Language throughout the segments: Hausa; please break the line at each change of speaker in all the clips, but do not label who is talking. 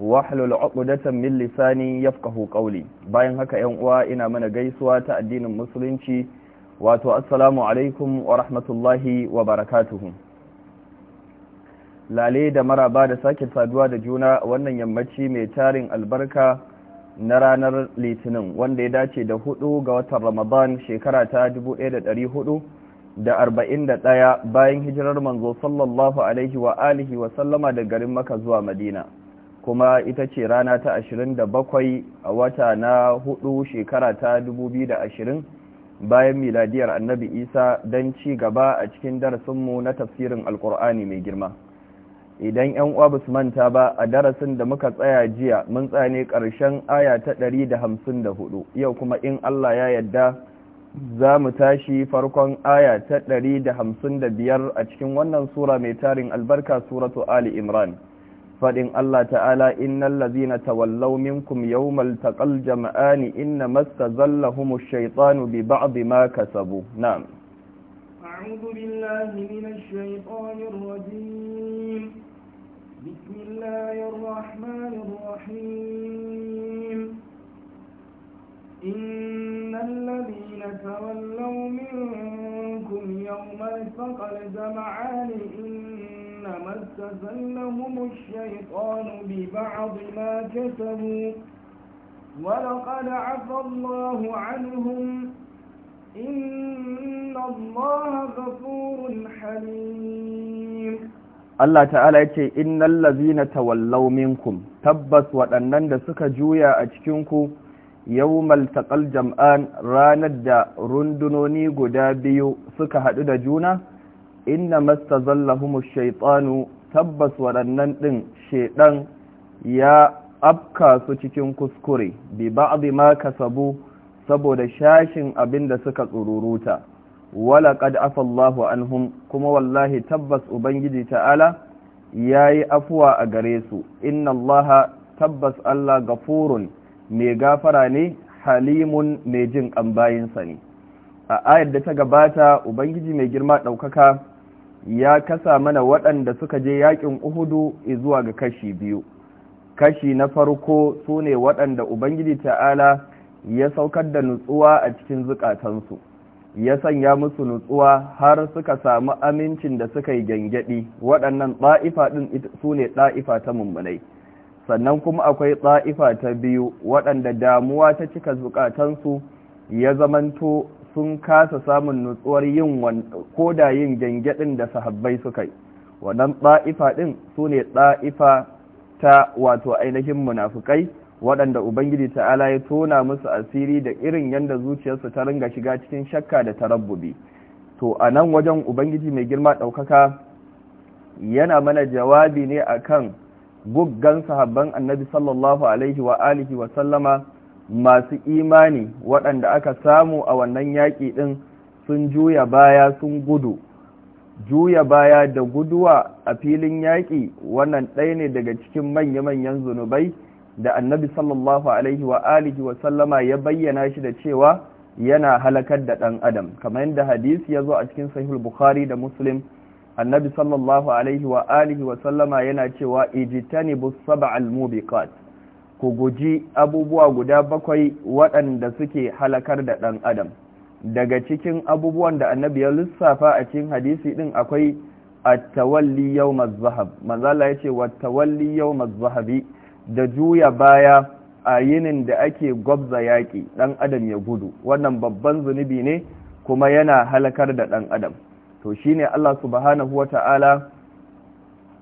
wahlul uqdatan min lisani yafqahu qawli bayan haka yan uwa ina mana gaisuwa ta addinin musulunci wato assalamu alaikum wa rahmatullahi wa barakatuh lale da maraba da sake saduwa da juna wannan yammaci mai tarin albarka na ranar litinin wanda ya dace da hudu ga watan ramadan shekara ta 1400 da arba'in da ɗaya bayan hijirar manzo sallallahu alaihi wa alihi wa sallama da garin maka zuwa madina kuma ita ce rana ta 27 a wata na hudu shekara ta 2020 bayan miladiyar annabi isa don ci gaba a cikin darasinmu na tafsirin alkur'ani mai girma idan yan uwa basu manta ba a darasin da muka tsaya jiya mun tsane karshen aya ta 154 yau kuma in allah ya yadda za mu tashi farkon aya ta da biyar a cikin wannan sura mai tarin albarka suratu ali imran fadin Allah ta'ala innal ladzina tawallaw minkum yawmal taqal jam'ani inna mastazallahumush shaytanu bi ba'd ma kasabu na'am
a'udhu إنما استزلهم الشيطان ببعض ما كسبوا ولقد عفى الله عنهم إن الله غفور حليم
Allah ta'ala ya ce innal lazina tawallaw minkum tabbas waɗannan da suka juya a cikinku yawmal taqal jam'an ranar da rundunoni guda biyu suka haɗu da juna inna ash-shaytanu tabbas waɗannan ɗin shaiɗan ya afka su cikin kuskure bi ba'dhi ma kasabu saboda shashin abin da suka tsururuta wala qad afallahu anhum kuma wallahi tabbas ubangiji ta'ala yayi afuwa a gare su inna allaha tabbas allah gafurun mai gafara ne halimun mai jin kan bayinsa ne a ayar da ta gabata ubangiji mai girma ɗaukaka ya kasa mana waɗanda suka je yaƙin uhudu zuwa ga kashi biyu kashi na farko su ne waɗanda ubangiji ta'ala ya saukar da nutsuwa a cikin zukatansu ya sanya musu nutsuwa har suka samu amincin da suka yi gyangyaɗi waɗannan ɗa'ifa ɗin su ne ɗa'ifa ta mummunai sannan kuma akwai ɗa'ifa ta biyu waɗanda damuwa ta cika zukatansu ya zamanto sun kasa samun nutsuwar yin koda yin gyangyaɗin da sahabbai suka yi wannan ɗa'ifa ɗin su ne ɗa'ifa ta wato ainihin munafukai waɗanda ubangiji ta'ala ya tona musu asiri da irin yadda zuciyarsu ta ringa shiga cikin shakka da tarabbubi to a nan wajen ubangiji mai girma ɗaukaka yana mana jawabi ne akan guggan sahabban annabi sallallahu masu imani waɗanda aka samu a wannan yaƙi ɗin sun juya baya sun gudu juya baya da guduwa a filin yaƙi wannan ɗaya ne daga cikin manya-manyan zunubai da annabi sallallahu alaihi wa alihi wa sallama ya bayyana shi da cewa yana halakar da ɗan adam kamar yadda hadisi ya zo a cikin sahihul bukhari da muslim annabi sallallahu alaihi wa alihi wa sallama yana cewa ijtanibu sab'al mubiqat ku guji abubuwa guda bakwai waɗanda suke halakar da ɗan adam daga cikin abubuwan da annabi ya lissafa a cikin hadisi ɗin akwai a tawalli yau mazahab zahab ya ce wa tawalli yau mazahabi da juya baya a yinin da ake gwabza yaƙi ɗan adam ya gudu wannan babban zunubi ne kuma yana halakar da ɗan adam to shine Allah subhanahu ta'ala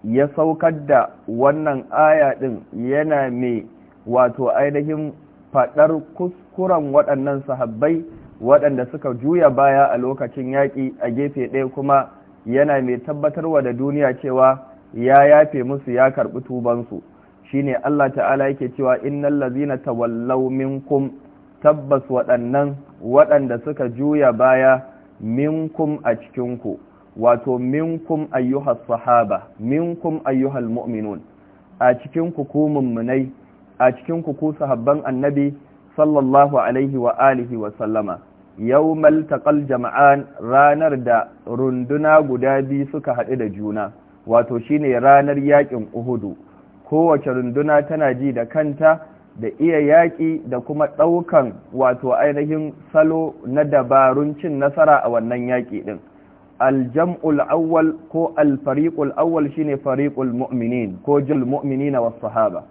ya saukar da wannan aya ɗin yana mai wato ainihin faɗar kuskuren waɗannan sahabbai waɗanda suka juya baya a lokacin yaƙi a gefe ɗaya kuma yana mai tabbatarwa da duniya cewa ya yafe musu ya karɓi tubansu shine Allah ta'ala yake cewa innal ladzina tawallaw minkum tabbas waɗannan waɗanda suka juya baya minkum a cikinku wato minkum ayyuhas sahaba minkum ayyuhal mu'minun a cikinku ku mummunai a cikin ku ku sahabban annabi sallallahu alaihi wa alihi wa sallama jama'an ranar da runduna guda biyu suka haɗu da juna wato shine ranar yakin uhudu kowace runduna tana ji da kanta da iya yaƙi da kuma ɗaukan wato ainihin salo na dabarun cin nasara a wannan yaƙi ɗin aljam'ul awwal ko alfariƙul awwal shine fariƙul mu'minin ko jil mu'minina wasu sahaba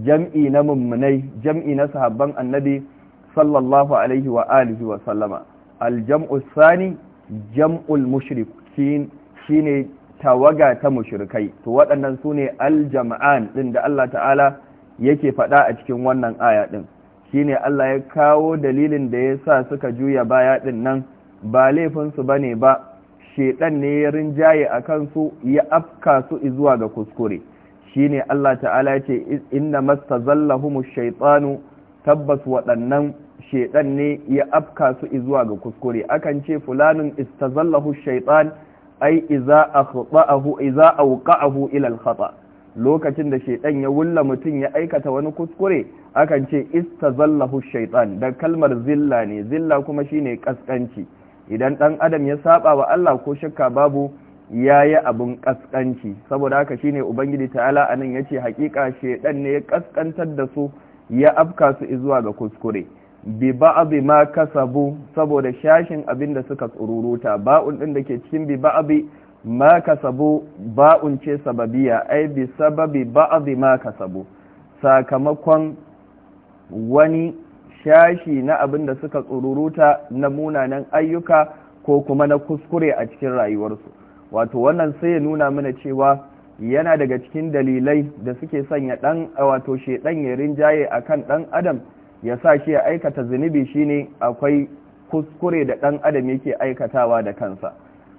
jam'i na mummunai jam'i na sahabban annabi sallallahu alaihi wa alihi wa sallama aljam'u sani jam'ul mushrikin ne tawaga ta mushrikai to waɗannan su ne aljam'an ɗin da Allah ta'ala yake faɗa a cikin wannan aya ɗin shi ne Allah ya kawo dalilin da ya sa suka juya baya ɗin nan ba laifinsu ba ne ba shedan ne ya rinjaye a kansu ya afka su izuwa ga kuskure shine Allah ta'ala ce inna mastazallahumu shaytanu tabbas waɗannan shaiɗan ne ya afka su zuwa ga kuskure akan ce fulanin istazallahu shaitan ai iza akhta'ahu iza awqa'ahu ila alkhata lokacin da shaiɗan ya wulla mutum ya aikata wani kuskure akan ce istazallahu shaitan da kalmar zilla ne zilla kuma shine kaskanci idan dan adam ya saba wa Allah ko shakka babu ya yi abin ƙasƙanci saboda haka shine ubangiji ta'ala anan ya ce haƙiƙa ɗan ne ya ƙasƙantar da su ya afka su zuwa ga kuskure bi ba'abi ma kasabu saboda shashin abin da suka tsururuta ba'un ɗin da ke cikin bi ba'abi ma kasabu ba'un ce sababiya ai bi sababi ba'abi ma kasabu sakamakon wani shashi na abin da suka tsururuta na munanan ayyuka ko kuma na kuskure a cikin rayuwarsu wato wannan sai ya nuna mana cewa yana daga cikin dalilai da suke sanya dan wato shedan ya rinjaye akan dan adam ya sa shi ya aikata zunubi shine akwai kuskure da dan adam yake aikatawa da kansa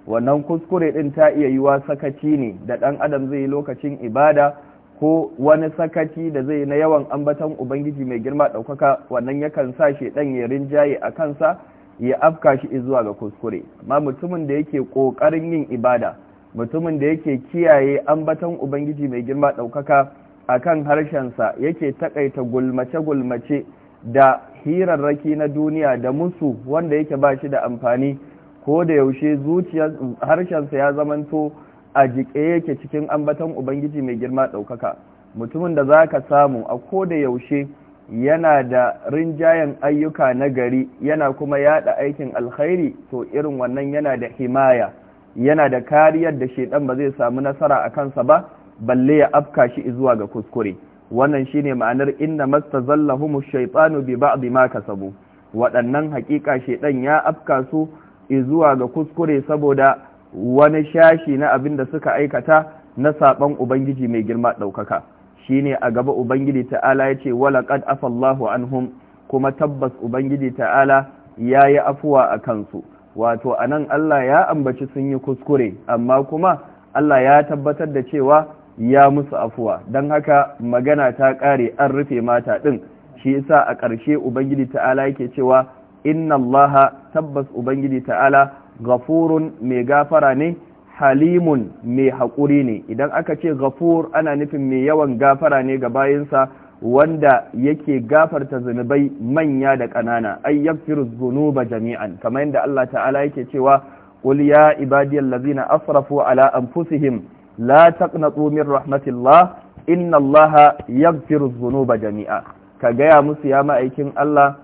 wannan kuskure din ta iya yiwa sakaci ne da dan adam zai yi lokacin ibada ko wani sakaci da zai na yawan ambaton ubangiji mai girma daukaka wannan yakan sa shedan ya rinjaye a kansa ya afka shi zuwa ga kuskure amma mutumin da yake kokarin yin ibada mutumin da yake kiyaye ambaton ubangiji mai girma daukaka akan harshensa yake takaita gulmace gulmace da hirarraki na duniya da musu wanda yake ba shi da amfani ko da yaushe zuciyar harshensa ya zamanto a jike yake cikin ambaton ubangiji mai girma daukaka mutumin da zaka samu a ko da yaushe yana da rinjayen ayyuka na gari yana kuma yada aikin alkhairi to irin wannan yana da himaya yana da kariyar da shedan ba zai samu nasara a kansa ba balle ya afka shi zuwa ga kuskure wannan shine ma'anar inna mastazallahum ash-shaytanu bi ba'd ma kasabu waɗannan hakika shedan ya afka su zuwa ga kuskure saboda wani shashi na abin da suka aikata na saban ubangiji mai girma daukaka Shi ne a gaba ubangiji ta'ala ya yace walaqad afallahu an anhum kuma tabbas ubangiji ta'ala ya yi afuwa a kansu wato a nan Allah ya ambaci sun yi kuskure amma kuma Allah ya tabbatar da cewa ya musu afuwa don haka magana ta ƙare an rufe mata ɗin, shi yasa a ƙarshe ubangiji ta'ala yake cewa inna Allah tabbas ubangiji ta'ala gafurun mai gafara ne halimun mai haƙuri ne idan aka ce gafur ana nufin mai yawan gafara ne ga bayinsa wanda yake gafarta zunubai manya da ƙanana ay yaghfiru dhunuba jami'an kamar yadda Allah ta'ala yake cewa qul ya ibadiyallazina asrafu ala anfusihim la taqnatu min rahmatillah inna allaha yaghfiru dhunuba jami'a ka gaya musu ya ma'aikin Allah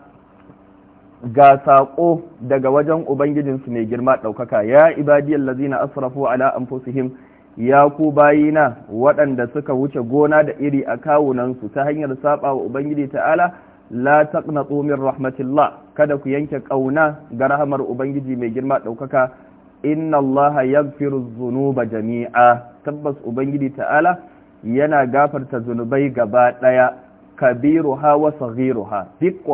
ga saƙo daga wajen ubangijinsu mai girma ɗaukaka ya ibadiyar lazina asrafu ala anfusihim ya ku bayina waɗanda suka wuce gona da iri a kawunansu ta hanyar saba wa ubangiji ta'ala la taqnatu min rahmatillah kada ku yanke ƙauna ga rahamar ubangiji mai girma ɗaukaka inna allaha yaghfiru dhunuba jami'a tabbas ubangiji ta'ala yana gafarta zunubai gaba ɗaya kabiruha wa saghiruha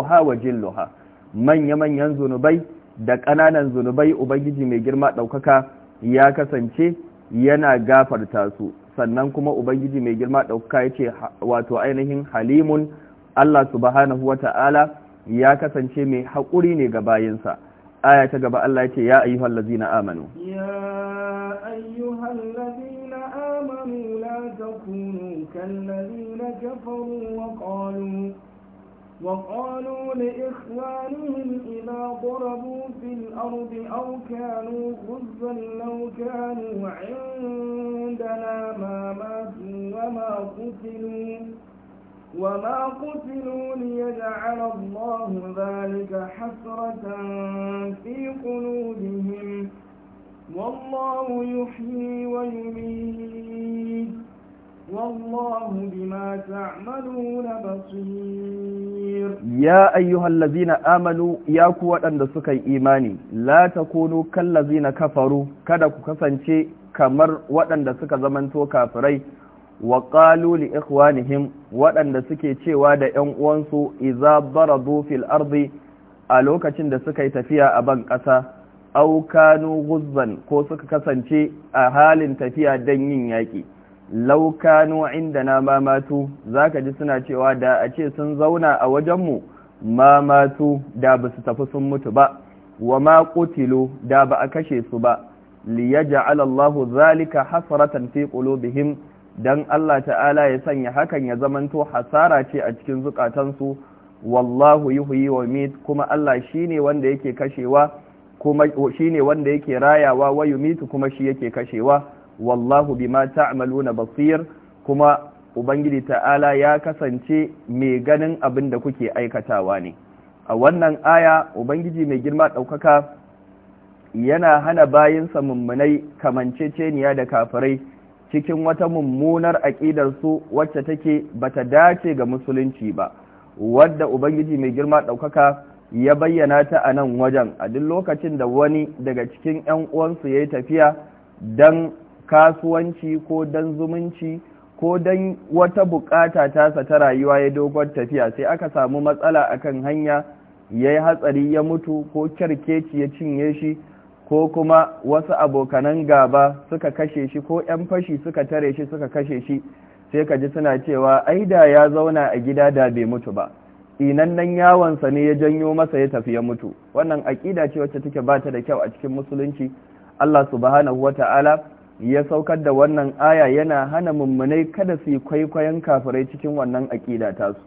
ha wa jilluha manya-manyan zunubai da ƙananan zunubai ubangiji mai girma ɗaukaka ya kasance yana gafarta su sannan kuma ubangiji mai girma ɗaukaka ya ce wato ainihin halimun allah subhanahu Ta'ala ya kasance mai haƙuri ne ga bayinsa aya ta gaba allah ya ce ya ayyuhal lazina amanu
amanu la takunu kallazina kafaru wa qalu وقالوا لإخوانهم إذا ضربوا في الأرض أو كانوا غزا لو كانوا عندنا ما ماتوا وما قتلوا وما قتلوا ليجعل الله ذلك حسرة في قلوبهم والله يحيي ويميت والله بما تعملون بصير
يا أيها الذين آمنوا يا قوة أن سكي إيماني لا تكونوا كالذين kada ku kasance kamar waɗanda suka zamanto kafirai wa ƙalu li ikhwanihim waɗanda suke cewa da ‘yan uwansu iza baradu fil ardi a lokacin da suka yi tafiya a ban ƙasa au kanu guzzan ko suka kasance a halin tafiya don yin yaƙi laukano inda na mamatu za ka ji suna cewa da a ce sun zauna a wajenmu mamatu da ba su tafi sun mutu ba wa ma kutilo da ba a kashe su ba liyaja alallahu zalika hasaratan fi bihim dan Allah ta'ala ya sanya hakan ya zamanto hasara ce a cikin zukatansu wallahu yuhyi wa yumit kuma Allah shine wanda yake kashewa kuma shine wanda yake rayawa wa yumitu kuma shi yake kashewa wallahu bima ta'maluna basir kuma ubangiji ta'ala ya kasance mai ganin abin da kuke aikatawa ne a wannan aya ubangiji mai girma ɗaukaka yana hana bayinsa mummunai kamanceceniya da kafirai cikin wata mummunar su wacce take bata dace ga musulunci ba wadda ubangiji mai girma ɗaukaka ya bayyana ta a nan wajen a duk lokacin da wani daga cikin 'yan uwansu ya yi tafiya don kasuwanci ko dan zumunci ko dan wata bukata tasa ta rayuwa ya dogon tafiya sai aka samu matsala akan hanya ya yi hatsari ya mutu ko kyarkeci ya cinye shi ko kuma wasu abokanan gaba suka kashe shi ko 'yan fashi suka tare shi suka kashe shi sai ka ji suna cewa ai da ya zauna a gida da bai mutu ba inan nan yawonsa ne ya janyo masa ya tafi ya mutu wannan aƙida ce wacce take ba ta da kyau a cikin musulunci Allah subhanahu wata'ala ya saukar da wannan aya yana hana mummunai kada su yi kwaikwayon kafirai cikin wannan aƙida tasu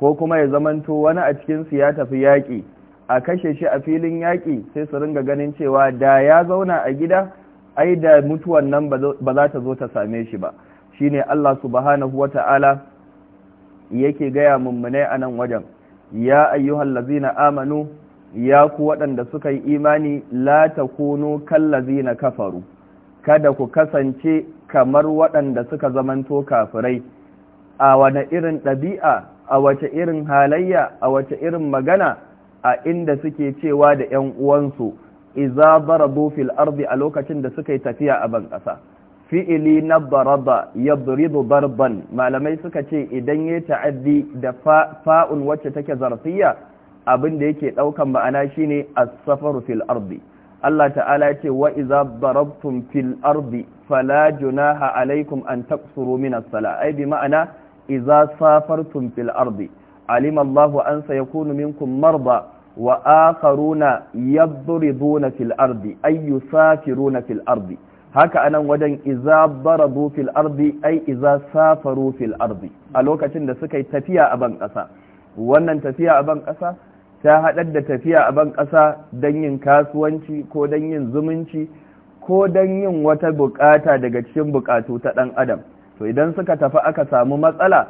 ko kuma ya zamanto wani a cikinsu ya tafi yaƙi a kashe shi a filin yaƙi sai su ringa ganin cewa da ya zauna a gida ai da mutuwan nan ba za ta zo ta same shi ba shi ne Allah subhanahu wata'ala yake gaya mummunai a nan wajen ya ayyuhal lazina amanu ya ku waɗanda suka yi imani la takunu kallazina kafaru kada ku kasance kamar waɗanda suka zamanto kafirai a wane irin ɗabi'a a wace irin halayya a wace irin magana a inda suke cewa da 'yan uwansu iza baradu fil ardi a lokacin da suka yi tafiya a ban ƙasa fi'ili na baraba ya buridu barban malamai suka ce idan ya ta'addi da fa'un wacce take zarfiya abin da yake ɗaukan ma'ana shine as-safaru fil ardi Allah ta'ala ce wa iza barabtum fil ardi fala junaha alaikum an taqsuru min as-salah ai bi ma'ana iza safartum fil ardi alima Allahu an sayakunu minkum marda wa akharuna yadribuna fil ardi ay yusafiruna fil ardi haka anan wajen iza barabu fil ardi ai iza safaru fil ardi a lokacin da suka yi tafiya a ban kasa wannan tafiya a ban kasa ta haɗar da tafiya a ban ƙasa don yin kasuwanci ko don yin zumunci ko don yin wata buƙata daga cikin buƙatu ta ɗan adam to idan suka tafi aka samu matsala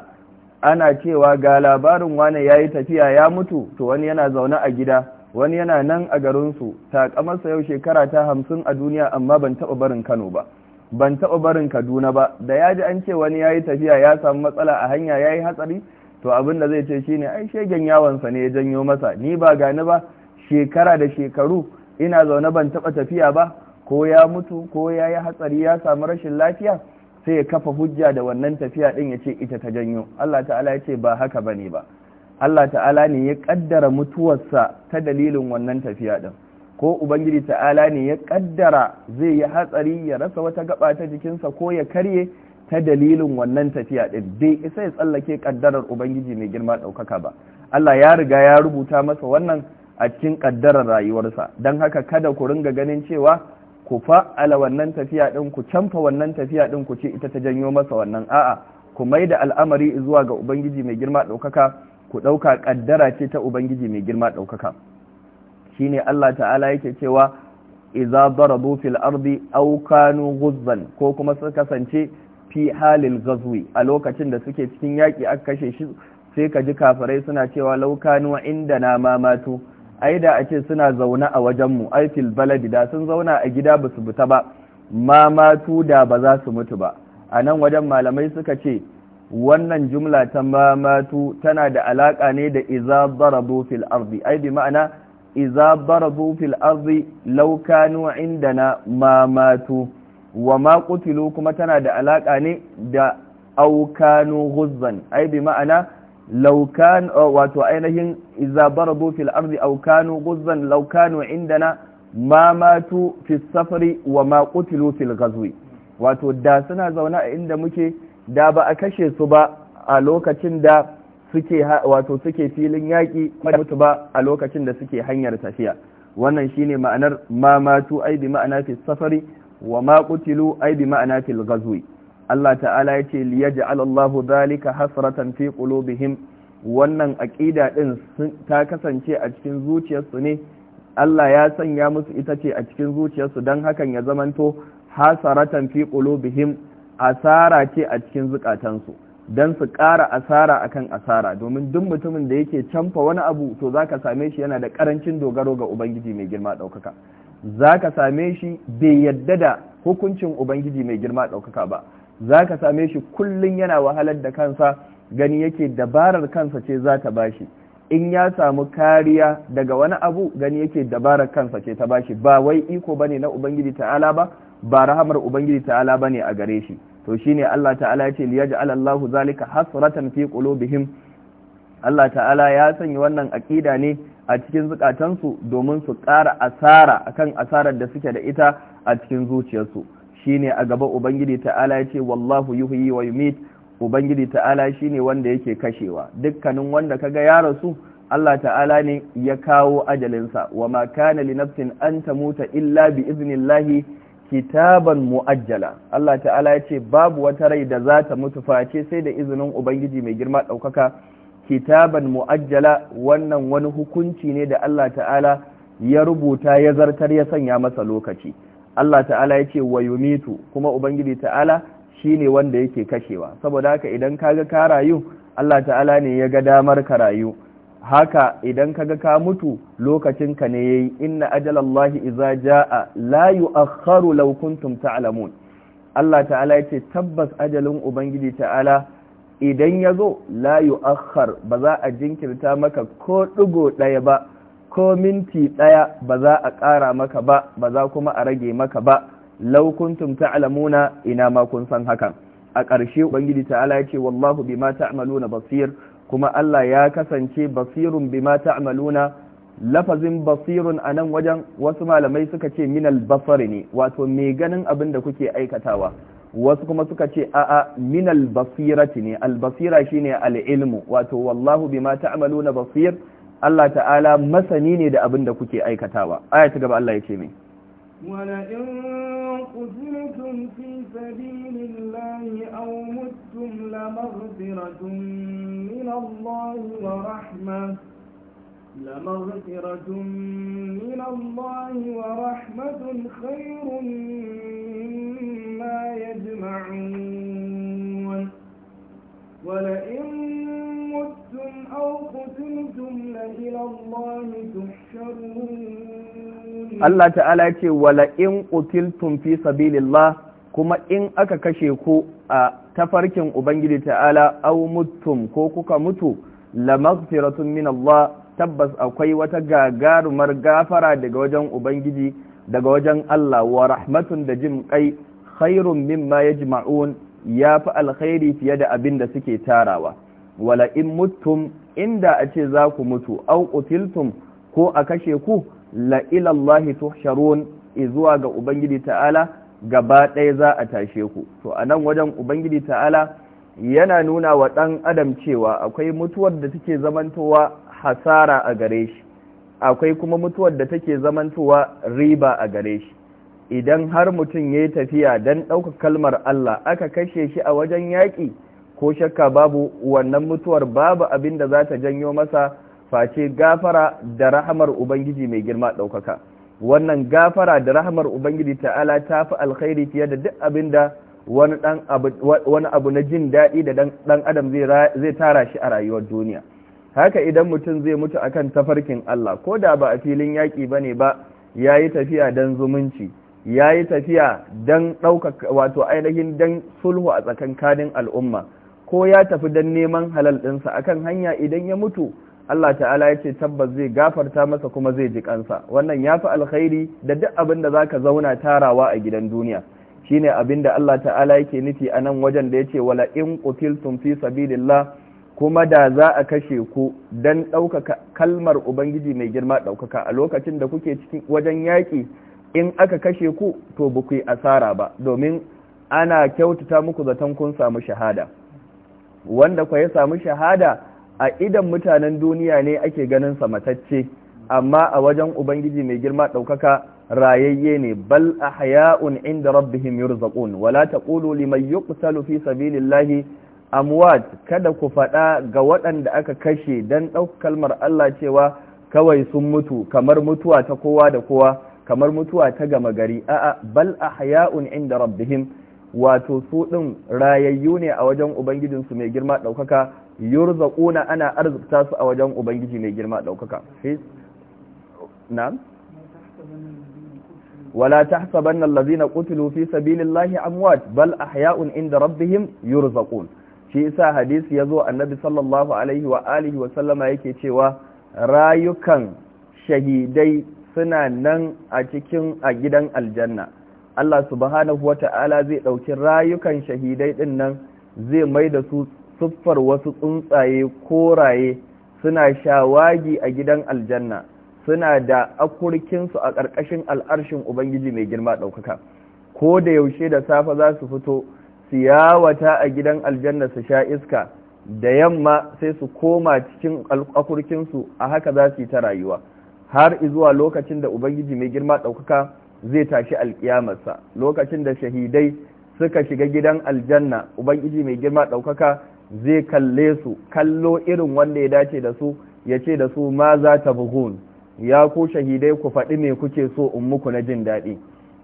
ana cewa ga labarin wane ya yi tafiya ya mutu to wani yana zaune a gida wani yana nan a garinsu takamarsa yau shekara ta hamsin a duniya amma ban taɓa barin kano ba ban taɓa barin kaduna ba da ya ji an ce wani ya yi tafiya ya samu matsala a hanya ya yi hatsari to abin da zai ce shine ai shegen yawansa ne ya janyo masa ni ba gani ba shekara da shekaru ina zaune ban taba tafiya ba ko ya mutu ko ya yi hatsari ya samu rashin lafiya sai ya kafa hujja da wannan tafiya din ya ce ita ta janyo Allah ta'ala ya ce ba haka bane ba Allah ta'ala ne ya kaddara mutuwarsa ta dalilin wannan tafiya din ko ubangiji ta'ala ne ya kaddara zai yi hatsari ya rasa wata gaba ta jikinsa ko ya karye ta dalilin wannan tafiya ɗin bai isa ya tsallake ƙaddarar ubangiji mai girma ɗaukaka ba allah ya riga ya rubuta masa wannan a cikin ƙaddarar rayuwarsa don haka kada ku ringa ganin cewa ku fa'ala wannan tafiya ɗin ku canfa wannan tafiya ɗin ku ce ita ta janyo masa wannan a'a ku mai da al'amari zuwa ga ubangiji mai girma ɗaukaka ku ɗauka ƙaddara ce ta ubangiji mai girma ɗaukaka shine allah ta'ala yake cewa izabarabu darabu fil ardi aw kanu ko kuma su kasance fi halin gazwi a lokacin da suke cikin yaƙi aka kashe shi sai ka ji kafirai suna cewa laukanu inda na mamatu ai da a ce suna zaune a wajenmu ai fil baladi da sun zauna a gida ba su buta ba mamatu da ba za su mutu ba a nan wajen malamai suka ce wannan jumla ta mamatu tana da alaƙa ne da iza barabu fil ai bi ma'ana iza barabu fil ardi inda na mamatu wa ma qutilu kuma tana da alaƙa ne da aukanu ghuzzan ai bi ma'ana laukan uh, wato ainihin idza baradu fil ardi aukanu ghuzzan laukanu indana ma matu fi safari wa ma qutilu fil ghazwi wato da suna zauna a inda muke da ba a kashe su ba a lokacin da suke wato suke filin yaki mutu ba a lokacin da suke hanyar tafiya wannan shine ma'anar ma matu ai bi ma'ana fi safari wa ma kutilu ai bi ma'ana fil ghazwi Allah ta'ala yace li yaj'al Allahu dhalika hasratan fi qulubihim wannan aqida din ta kasance a cikin zuciyarsu ne Allah ya sanya musu ita ce a cikin zuciyarsu dan hakan ya zamanto hasaratan fi qulubihim asara ce a cikin zukatansu dan su ƙara asara akan asara domin duk mutumin da yake canfa wani abu to zaka same shi yana da ƙarancin dogaro ga Ubangiji mai girma ɗaukaka za ka same shi bai yadda da hukuncin ubangiji mai girma ɗaukaka ba za ka same shi kullum yana wahalar da kansa gani yake dabarar kansa ce za ta bashi in ya samu kariya daga wani abu gani yake dabarar kansa ce ta bashi ba wai iko ba ne na ubangiji ta'ala ba ba rahamar ubangiji ta'ala ne a gare shi to shi ne Allah ta'ala ya ce liya ji zalika hasratan fi bihim. Allah ta'ala ya sanya wannan aƙida ne a cikin zukatansu domin su ƙara asara a kan asarar da suke da ita a cikin zuciyarsu shine a gaba ubangiji ta'ala ya ce wallahu yuhyi wa yumit ubangiji ta'ala shine wanda yake kashewa dukkanin wanda kaga ya rasu Allah ta'ala ne ya kawo ajalinsa wa ma kana li nafsin an tamuta illa bi iznillahi kitaban mu'ajjala Allah ta'ala ya ce babu wata rai da za ta mutu face sai da izinin ubangiji mai girma ɗaukaka kitaban mu'ajjala wannan wani hukunci ne da Allah ta'ala ya rubuta ya zartar ya sanya masa lokaci Allah ta'ala ya ce wa kuma ubangiji ta'ala shi ne wanda yake kashewa saboda haka idan kaga ka rayu Allah ta'ala ne ya ga damar ka rayu haka idan kaga ka mutu lokacin ka ne yayi inna ajalallahi idza jaa la yu'akhkharu law kuntum ta'lamun Allah ta'ala ya ce tabbas ajalin ubangiji ta'ala idan ya zo la akhar ba za a jinkirta maka ko ɗigo ɗaya ba ko minti ɗaya ba za a ƙara maka ba ba za kuma a rage maka ba laukuntun ta ta'lamuna ina ma kun san hakan a ƙarshe ubangiji ta'ala ya ce wallahu bima ta'maluna basir kuma Allah ya kasance basirun bima ta'maluna lafazin basirun a nan wajen wasu malamai suka ce minal basari ne wato mai ganin abin da kuke aikatawa wasu kuma suka ce a'a min albasirati ne albasira shine alilmu wato wallahu bima ta'maluna basir Allah ta'ala masani ne da abin da kuke aikatawa aya ta gaba Allah yake mai
wala in qutiltum fi sabilillahi aw muttum la min Allah wa rahmah لمغفرة من الله ورحمة خير مما يجمعون ولئن متم أو قتلتم لإلى الله تحشرون الله تعالى
ولئن قتلتم في سبيل الله kuma in aka kashe ku a tafarkin Ubangiji ta'ala au mutum ko kuka mutu la maghfiratun min Allah tabbas akwai wata gagarumar gafara daga wajen ubangiji daga wajen Allah wa rahmatun da jin kai khairun mimma yajma'un yafi alkhairi fiye da abin da suke tarawa wala in muttum inda a ce za ku mutu au qutiltum ko a kashe ku la ila Allah tuhsharun izuwa ga ubangiji ta'ala gaba ɗaya za a tashe ku to anan wajen ubangiji ta'ala yana nuna wa ɗan adam cewa akwai mutuwar da take zamantowa hasara a gare shi akwai kuma mutuwar da take zamantowa riba a gare shi idan har mutum ya yi tafiya don ɗauka kalmar Allah aka kashe shi a wajen yaƙi ko shakka babu wannan mutuwar babu abin da za ta janyo masa face gafara da rahamar Ubangiji mai girma ɗaukaka wannan gafara da rahamar Ubangiji ta'ala ta fi alkhairi fiye da duk abin da wani abu na jin daɗi da ɗan adam zai tara shi a rayuwar duniya haka idan mutum zai mutu akan tafarkin Allah ko da ba a filin yaƙi ba ne ba ya yi tafiya don zumunci ya yi tafiya don ɗaukaka wato ainihin don sulhu a tsakankanin al'umma ko ya tafi don neman halal ɗinsa akan hanya idan ya mutu Allah ta'ala ya ce tabbas zai gafarta masa kuma zai ji kansa wannan ya fi alkhairi da duk abin da za ka zauna tarawa a gidan duniya shine abin da Allah ta'ala yake nufi a nan wajen da ya ce wala in qutiltum fi sabilillah kuma da za a kashe ku don ɗaukaka kalmar ubangiji mai girma ɗaukaka a lokacin da kuke cikin wajen yaƙi in aka kashe ku to ba ku yi asara ba domin ana kyautata muku zaton kun samu shahada wanda kwa ya samu shahada a idan mutanen duniya ne ake ganin sa matacce amma a wajen ubangiji mai girma ɗaukaka rayayye ne bal a hayaun inda rabbihim yurzaqun wala taqulu liman yuqtalu fi sabilillahi amwat kada ku faɗa ga waɗanda aka kashe don ɗaukar kalmar Allah cewa kawai sun mutu kamar mutuwa ta kowa da kowa kamar mutuwa ta gama gari a'a bal ahya'un inda rabbihim wato su ɗin rayayyu ne a wajen ubangijinsu mai girma ɗaukaka yurzaquna ana arzikta su a wajen ubangiji mai girma ɗaukaka na'am wala tahsabanna allazina qutilu fi sabilillahi amwat bal ahya'un inda rabbihim yurzaqun shi yasa hadisi yazo annabi sallallahu alaihi wa alihi wa sallama yake cewa rayukan shahidai suna nan a cikin a gidan aljanna Allah subhanahu wa ta'ala zai ɗauki rayukan shahidai ɗin nan zai mai da su siffar wasu tsuntsaye koraye suna shawagi a gidan aljanna suna da akurkinsu a ƙarƙashin al'arshin Ubangiji mai girma ɗaukaka ko da yaushe da safe za su fito siyawata a gidan aljanna su sha iska da yamma sai su koma cikin akurkinsu a haka za su yi ta rayuwa har zuwa lokacin da ubangiji mai girma ɗaukaka zai tashi alƙiyamarsa lokacin da shahidai suka shiga gidan aljanna ubangiji mai girma ɗaukaka zai kalle su kallo irin wanda ya dace da su ya ce da su ma za ta bugun ya ku shahidai ku faɗi me kuke so in muku na jin daɗi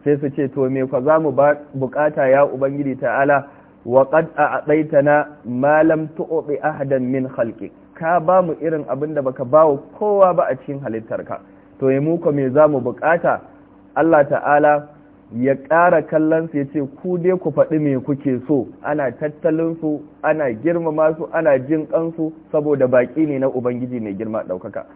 sai su ce to me kwa za mu bukata ya ubangiji ta'ala wa a na na malam tu'ti ahadan min khalqi ka ba mu irin abin da baka bawo kowa ba a cikin halittarka to yi muka me za mu bukata Allah ta'ala ya ƙara kallon su ya ce ku dai ku faɗi me kuke so ana tattalinsu ana girmama su ana jin ƙansu saboda baƙi ne na ubangiji mai girma ɗaukaka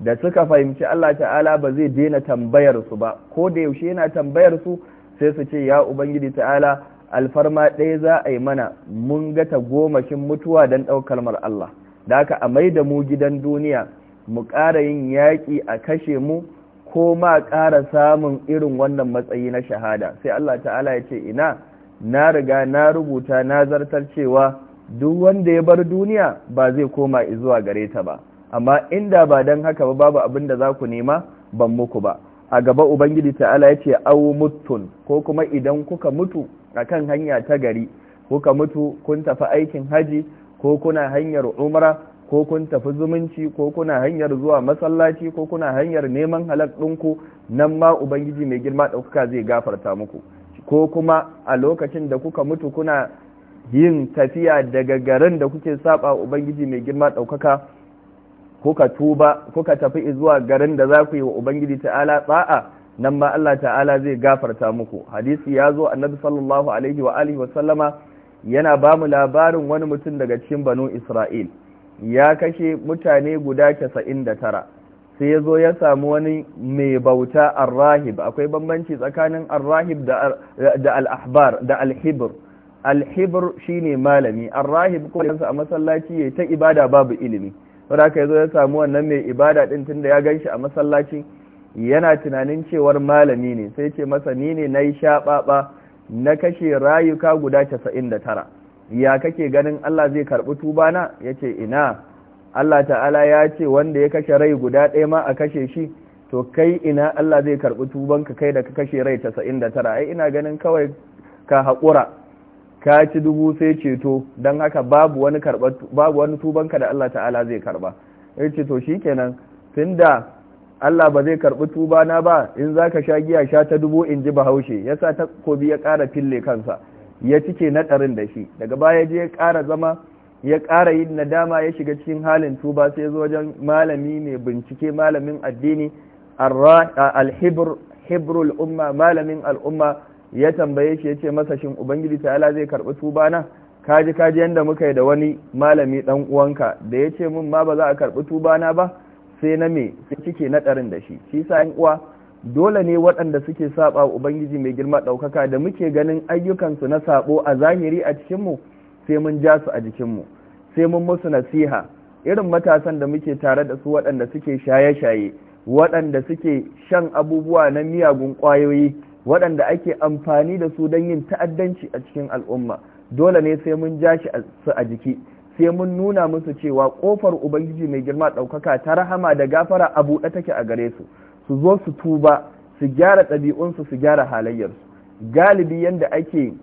da suka fahimci Allah ta'ala ba zai daina tambayar su ba ko da yaushe yana tambayar su sai su ce ya ubangiji ta'ala alfarma ɗaya za a yi mana mun ga ta gomashin mutuwa don ɗaukar mar Allah da haka a mai da mu gidan duniya mu ƙara yin yaƙi a kashe mu ko ma ƙara samun irin wannan matsayi na shahada sai Allah ta'ala ya ce ina na riga na rubuta na zartar cewa duk wanda ya bar duniya ba zai koma zuwa gare ta ba amma inda ba don haka ba babu abin da za ku nema ban muku ba a gaba ubangiji ta'ala ya ce au mutun ko kuma idan kuka mutu a kan hanya ta gari kuka mutu kun tafi aikin haji ko kuna hanyar umra ko kun tafi zumunci ko kuna hanyar zuwa masallaci ko kuna hanyar neman halak ɗinku nan ma ubangiji mai girma ɗaukaka zai gafarta muku ko kuma a lokacin da kuka mutu kuna yin tafiya daga garin da kuke saba ubangiji mai girma ɗaukaka kuka tuba kuka tafi zuwa garin da za ku yi wa ubangiji ta'ala tsa'a nan ma Allah ta'ala zai gafarta muku hadisi ya zo annabi sallallahu alaihi wa alihi wa sallama yana ba mu labarin wani mutum daga cikin banu isra'il ya kashe mutane guda 99 sai ya zo ya samu wani mai bauta arrahib akwai bambanci tsakanin arrahib da al'ahbar da alhibir alhibir shine malami arrahib ko yansa a masallaci ya ta ibada babu ilimi wadda aka yi zo ya samu wannan mai ibada ɗin tun da ya gan shi a masallaci yana tunanin cewar malami ne sai ce masa ni ne na yi shaɓaɓa na kashe rayuka guda casa'in da tara ya kake ganin Allah zai karɓi tubana ya ce ina Allah ta'ala ya ce wanda ya kashe rai guda ɗaya ma a kashe shi to kai ina Allah zai karɓi tubanka kai da ka kashe rai casa'in da tara ai ina ganin kawai ka haƙura ka ci dubu sai ceto don haka babu wani babu wani tubanka da Allah ta'ala zai karba ya ce to shikenan tunda Allah ba zai karbi tuba na ba in zaka sha giya sha ta dubu in ji bahaushe yasa ta kobi ya kara fille kansa ya cike naɗarin da shi daga baya je ya ƙara zama ya ƙara yin nadama ya shiga cikin halin tuba sai ya zo wajen malami mai bincike malamin addini a hibrul umma malamin al'umma ya tambaye shi ya ce masa shin ubangiji ta'ala zai karɓi tuba na kaji kaji yadda muka yi da wani malami dan uwanka da ya ce min ma ba za a karɓi tuba na ba sai na me sai kike naɗarin da shi shi sa 'yan uwa dole ne waɗanda suke saba ubangiji mai girma ɗaukaka da muke ganin ayyukansu na sabo a zahiri a cikin mu sai mun ja su a jikin mu sai mun musu nasiha irin matasan da muke tare da su waɗanda suke shaye-shaye waɗanda suke shan abubuwa na miyagun ƙwayoyi waɗanda ake amfani da su don yin ta'addanci a cikin al'umma dole ne sai mun ja shi su a jiki sai mun nuna musu cewa ƙofar ubangiji mai girma ɗaukaka ta rahama da gafara a buɗe take a gare su su zo su tuba su gyara ɗabi'unsu su gyara halayyarsu galibi yadda ake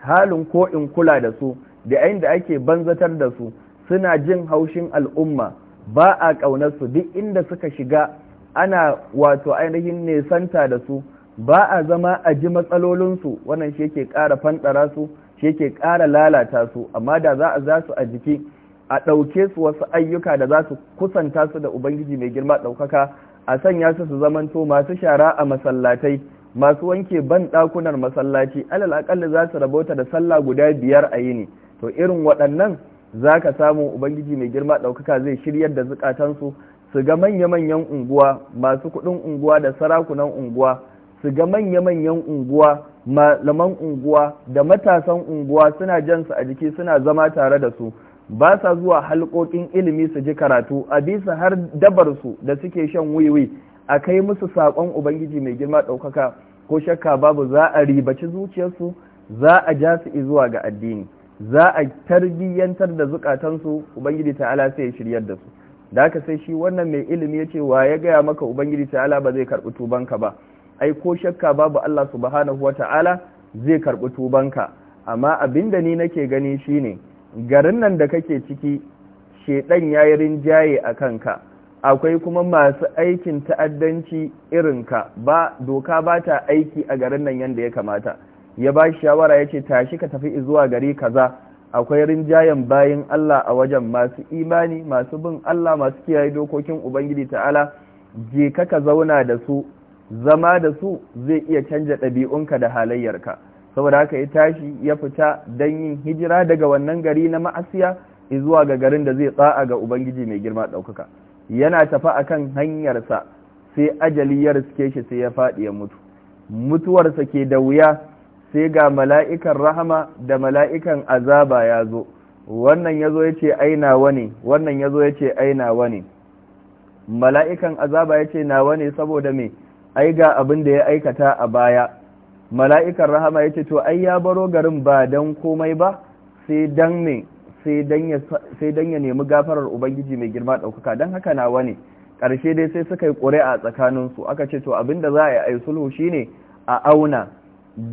halin ko in kula da su da yayin da ake banzatar da su suna jin haushin al'umma ba a ƙaunarsu duk inda suka shiga ana wato ainihin nesanta da su ba a zama a ji matsalolinsu wannan shi yake ƙara fantsara su shi yake ƙara lalata su amma da za a za su a jiki a ɗauke su wasu ayyuka da za su kusanta su da ubangiji mai girma ɗaukaka a sanya su su zamanto masu shara a masallatai masu wanke ban ɗakunan masallaci alal aƙalla za su rabota da sallah guda biyar a yini to irin waɗannan za ka samu ubangiji mai girma ɗaukaka zai shiryar da zukatansu su ga manya-manyan unguwa masu kuɗin unguwa da sarakunan unguwa su ga manya-manyan unguwa malaman unguwa da matasan unguwa suna jan su a jiki suna zama tare da su ba sa zuwa halƙoƙin ilimi su ji karatu a bisa har dabar su da suke shan wiwi a kai musu saƙon ubangiji mai girma ɗaukaka ko shakka babu za a ribaci zuciyarsu za a ja su zuwa ga addini za a tarbiyyantar da zukatansu ubangiji ta'ala sai ya shiryar da su da haka sai shi wannan mai ilimi ya ce wa ya gaya maka ubangiji ta'ala ba zai karɓi tubanka ba ai ko shakka babu Allah subhanahu ta'ala zai karbi tubanka amma abinda ni nake gani shine garin nan da kake ciki shedan yayi rinjaye a kanka akwai kuma masu aikin ta'addanci irinka ba doka ba ta aiki a garin nan yanda ya kamata ya ba shawara yace tashi ka tafi zuwa gari kaza akwai rinjayen bayin Allah a wajen masu imani masu bin Allah masu kiyaye dokokin Ubangiji ta'ala je ka ka zauna da su zama da su zai iya canja ɗabi'unka da halayyarka saboda haka ya tashi ya fita don yin hijira daga wannan gari na ma'asiya zuwa ga garin da zai tsa'a ga ubangiji mai girma ɗaukaka yana tafa kan hanyarsa sai ajali ya riske shi sai ya faɗi ya mutu mutuwarsa ke da wuya sai ga mala'ikan rahama da mala'ikan azaba ya zo wannan ya zo ya ce ainawa ne wannan ya zo ya ce ne mala'ikan azaba ya ce nawa ne saboda me ai ga abin da ya aikata a baya mala'ikan rahama ya ce to ai ya baro garin ba don komai ba sai don ya nemi gafarar ubangiji mai girma ɗaukaka don haka na wani karshe dai sai suka yi ƙuri'a tsakaninsu aka ce to abin da za a yi a yi sulhu shine a auna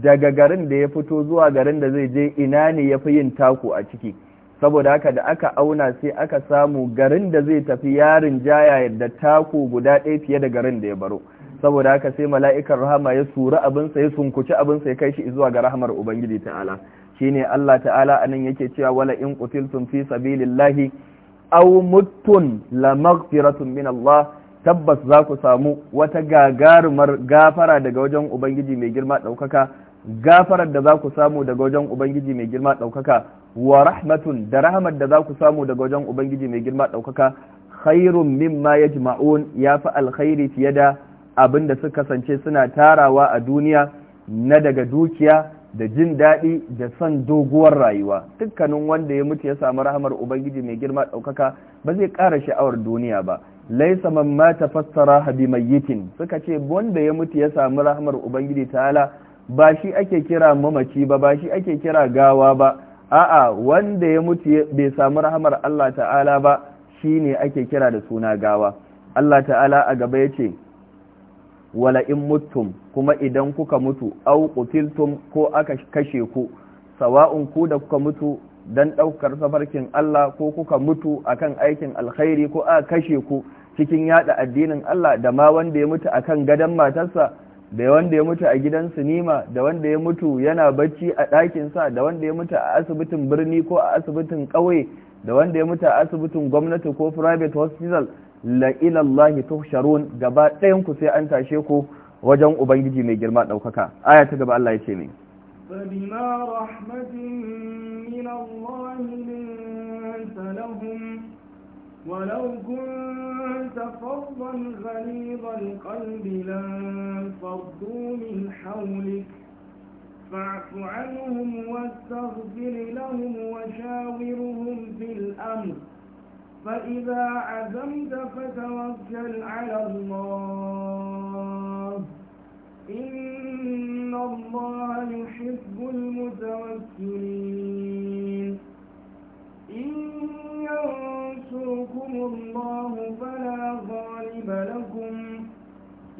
daga garin da ya fito zuwa garin da zai je ina ne ya fi yin taku a ciki saboda haka da aka auna sai aka samu garin da zai tafi yarin jaya da taku guda ɗaya fiye da garin da ya baro saboda haka sai mala'ikan rahama ya sura abinsa ya sunkuci abinsa ya kai shi zuwa ga rahamar ubangiji ta'ala ne Allah ta'ala anan yake cewa wala in qutiltum fi sabilillahi aw muttun la maghfiratun min Allah tabbas za ku samu wata gagarumar gafara daga wajen ubangiji mai girma ɗaukaka. gafarar da za ku samu daga wajen ubangiji mai girma ɗaukaka, wa rahmatun da rahmar da za ku samu daga wajen ubangiji mai girma ɗaukaka khairun mimma yajma'un fi alkhairi fiye da abin da suka kasance suna tarawa a duniya na daga dukiya da jin daɗi da son doguwar rayuwa dukkanin wanda ya mutu ya samu rahamar ubangiji mai girma ɗaukaka ba zai ƙara sha'awar duniya ba laisa man mata fassara habi mayyitin suka ce wanda ya mutu ya samu rahamar ubangiji ta'ala ba shi ake kira mamaci ba ba shi ake kira gawa ba a'a wanda ya mutu bai samu rahamar Allah ta'ala ba shine ake kira da suna gawa Allah ta'ala a gaba yace wala in mutum kuma idan kuka mutu au qutiltum ko aka kashe ku sawa'un ku da kuka mutu dan ɗaukar safarkin Allah ko kuka mutu akan aikin alkhairi ko aka kashe ku cikin yada addinin Allah da ma wanda ya mutu akan gadon matarsa da wanda ya mutu a gidan sinima da wanda ya mutu yana bacci a ɗakin sa da wanda ya mutu a asibitin birni ko a asibitin ƙauye da wanda ya mutu a asibitin gwamnati ko private hospital la tusharun Allah gaba ɗayan ku sai an tashe ku wajen ubangiji mai girma ɗaukaka aya ta gaba Allah yace ne
فبما رحمة من الله لنت لهم ولو كنت فظا غليظ القلب لانفضوا من حولك فاعف عنهم واستغفر لهم وشاورهم في الأمر فإذا عزمت فتوكل على الله إن الله يحب المتوكلين إن ينصركم الله فلا غالب لكم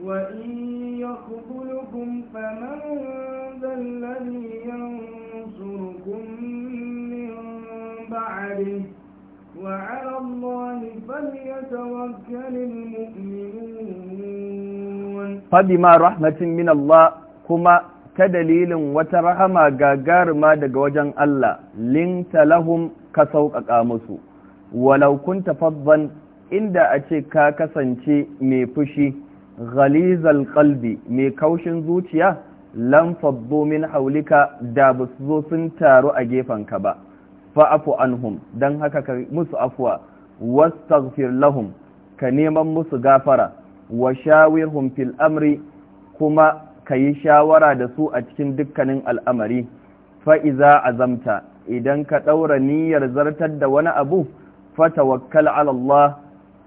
وإن يخذلكم فمن ذا الذي ينصركم من بعده وعلى الله فليتوكل المؤمنون
فبما رحمة من الله كما ta dalilin wata rahama gagaruma daga wajen Allah linta lahum ka sauƙaƙa musu walau inda a ce ka kasance mai fushi ghalizal qalbi mai kaushin zuciya lam faddu min haulika da basu zo sun taru a gefen ka ba fa'afu anhum dan haka ka musu afuwa wastaghfir lahum ka neman musu gafara wa shawirhum fil amri kuma kayi shawara da su a cikin dukkanin al'amari Fa'iza azamta idan ka ɗaura niyyar zartar da wani abu fatawakkal ala Allah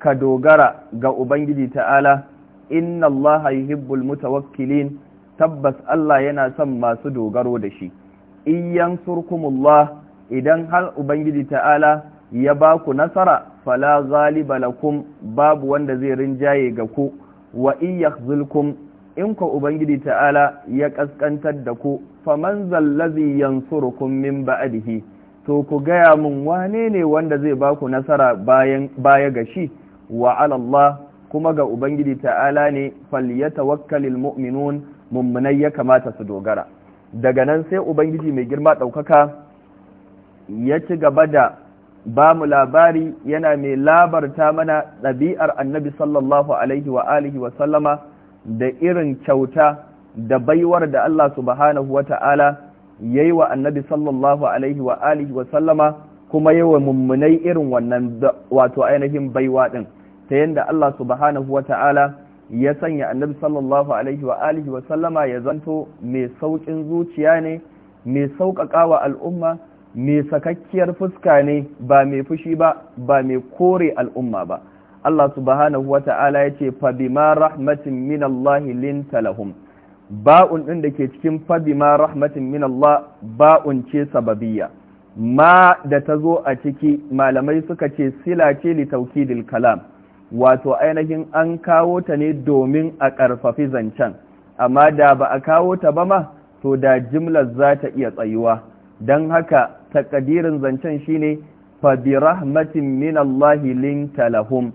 ka dogara ga ubangiji ta'ala inna Allah yuhibbul mutawakkilin tabbas Allah yana son masu dogaro da shi iyan surkumullah idan har ubangiji ta'ala ya ba ku nasara fala ghaliba lakum babu wanda zai rinjaye ga ku wa iyakhzulkum in ku ubangiji ta'ala ya kaskantar da ku faman zallazi yansurukum min ba'dihi to ku gaya mun wane ne wanda zai ba ku nasara bayan baya ga shi wa ala Allah kuma ga ubangiji ta'ala ne falyatawakkalul mu'minun mummunai ya kamata su dogara daga nan sai ubangiji mai girma daukaka ya ci gaba da ba mu labari yana mai labarta mana ɗabi'ar annabi sallallahu alaihi wa alihi wa sallama da irin kyauta da baiwar da Allah subhanahu wa ta'ala ya yi wa annabi sallallahu alaihi wa alihi wa sallama kuma yi wa mummunai irin wannan wato ainihin baiwa ɗin ta yadda Allah subhanahu wa ta'ala ya sanya annabi sallallahu alaihi wa alihi wa sallama ya zanto mai sauƙin zuciya ne mai sauƙaƙa wa al'umma mai sakakkiyar fuska ne ba mai fushi ba ba mai kore al'umma ba Allah subhanahu wata'ala ya ce fa bima rahmatin min Allah linta lahum ba'un ɗin da ke cikin fabima bima rahmatin min Allah ba'un ce sababiyya ma da ta zo a ciki malamai suka ce sila ce litaukidil kalam wato ainihin an kawo ta ne domin a ƙarfafi zancen amma da ba a kawo ta ba ma to da jimlar za ta iya tsayuwa don haka takadirin zancen shine fa bi rahmatin min Allah lintalahum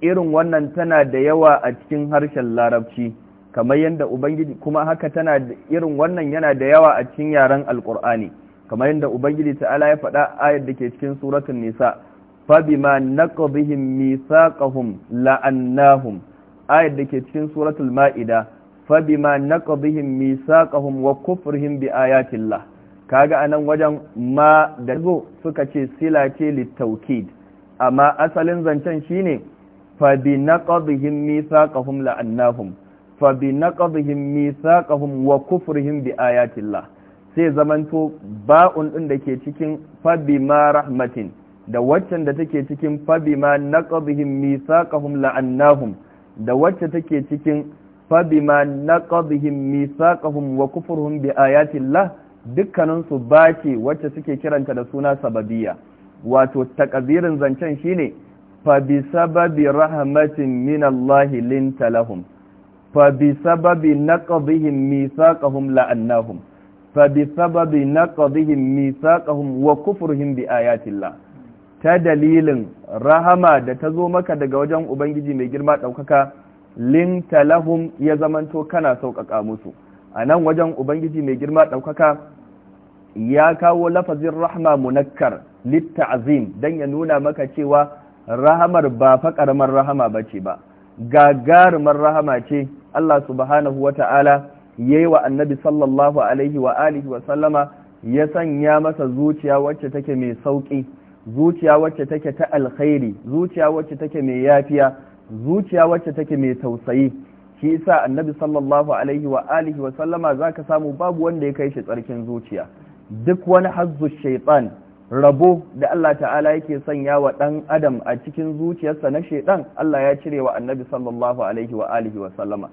irin wannan tana da yawa a cikin harshen larabci kamar yadda ubangiji kuma haka tana irin wannan yana da yawa a cikin yaren alkur'ani kamar yadda ubangiji ta'ala ya faɗa ayar da ke cikin suratul nisa fa bima naqdihim mithaqahum la'annahum ayar da ke cikin suratul ma'ida fa bima naqdihim mithaqahum wa kufrihim bi ayatillah kaga anan wajen ma da zo suka ce sila ce littaukid amma asalin zancen shi shine fa bi naqadhihim mithaqahum la'annahum fa bi naqadhihim ƙahun wa kufrihim bi ayatillah sai zamanto ba'un din da ke cikin fa bi ma rahmatin da waccan da take cikin fa bi ma naqadhihim ƙahun la'annahum da wacce take cikin fa bi ma naqadhihim ƙahun wa kufruhum bi ayatillah dukkaninsu ba ce wacce suke kiranta da suna sababiya. wato takazirin zancen shine fa bi sababi rahmatin min Allah lin talahum fa bi sababi naqdihim mithaqahum la'annahum fa bi sababi naqdihim mithaqahum wa kufrihim bi ayatillah ta dalilin rahama da ta zo maka daga wajen ubangiji mai girma ɗaukaka, lintalahum talahum ya zamanto kana sauƙaƙa musu a nan wajen ubangiji mai girma ɗaukaka ya kawo lafazin rahma munakkar litta'azim don ya nuna maka cewa rahamar ba fa rahama ba ce ba gagarumar rahama ce Allah subhanahu wa ta'ala ya yi wa annabi sallallahu alaihi wa alihi wa sallama ya sanya masa zuciya wacce take mai sauƙi zuciya wacce take ta alkhairi zuciya wacce take mai yafiya zuciya wacce take mai tausayi shi yasa annabi sallallahu alaihi wa alihi wa sallama zaka samu babu wanda ya kai shi tsarkin zuciya duk wani hazzu shaytan rabo da Allah ta'ala yake sanya wa dan adam a cikin zuciyarsa na shaytan Allah ya cire wa annabi sallallahu alaihi wa alihi wa sallama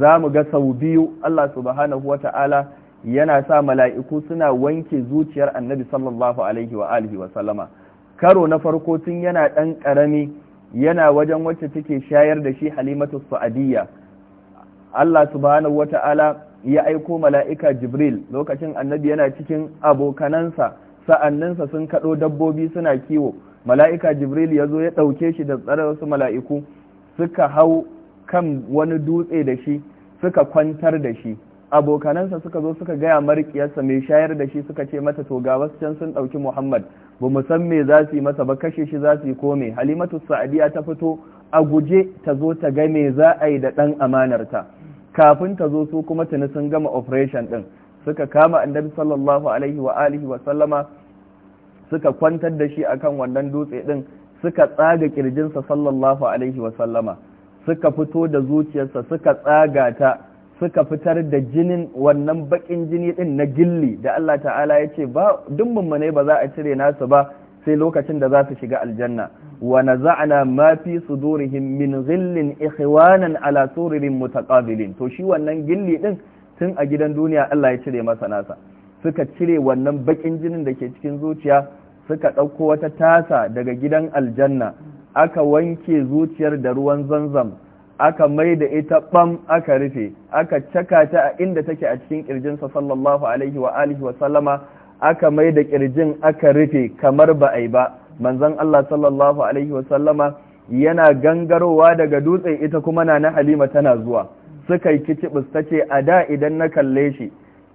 zamu ga sau biyu Allah subhanahu wa ta'ala yana sa mala'iku suna wanke zuciyar annabi sallallahu alaihi wa alihi wa sallama karo na farko tun yana dan karami yana wajen wacce take shayar da shi halimatu sa'adiyya Allah subhanahu wata'ala ya aiko mala'ika Jibril lokacin annabi yana cikin abokanansa sa'anninsa sun kaɗo dabbobi suna kiwo mala'ika Jibril ya zo ya ɗauke shi da tsare wasu mala'iku suka hau kan wani dutse da shi suka kwantar da shi abokanansa suka zo suka gaya marikiyarsa mai shayar da shi suka ce mata to ga wasu can sun ɗauki Muhammad ba mu san me za su yi masa ba kashe shi za su yi kome Halimatu Sa'adiyya ta fito a guje ta zo ta ga me za a yi da ɗan amanarta kafin ta zo su kuma tuni sun gama operation din suka kama annabi sallallahu alaihi wa alihi wa sallama suka kwantar da shi akan wannan dutse din suka tsaga kirjinsa sallallahu alaihi wa sallama suka fito da zuciyarsa suka tsaga ta suka fitar da jinin wannan bakin jini din na gilli da Allah ta'ala ya ce ba mu ne ba za a cire nasu ba sai lokacin da za su shiga aljanna wa naza'na ma fi sudurihim min ghillin ikhwanan ala sururin mutaqabilin to shi wannan gilli din tun a gidan duniya Allah ya cire masa nasa suka cire wannan bakin jinin da ke cikin zuciya suka ɗauko wata tasa daga gidan aljanna aka wanke zuciyar da ruwan zanzam aka mai da ita bam aka rufe aka caka ta a inda take a cikin sa sallallahu alaihi wa alihi wa sallama aka mai da kirjin aka rufe kamar ba a yi ba manzon Allah sallallahu alaihi wasallama yana gangarowa daga dutse ita kuma na na halima tana zuwa suka yi kici ta ce a da idan na kalle shi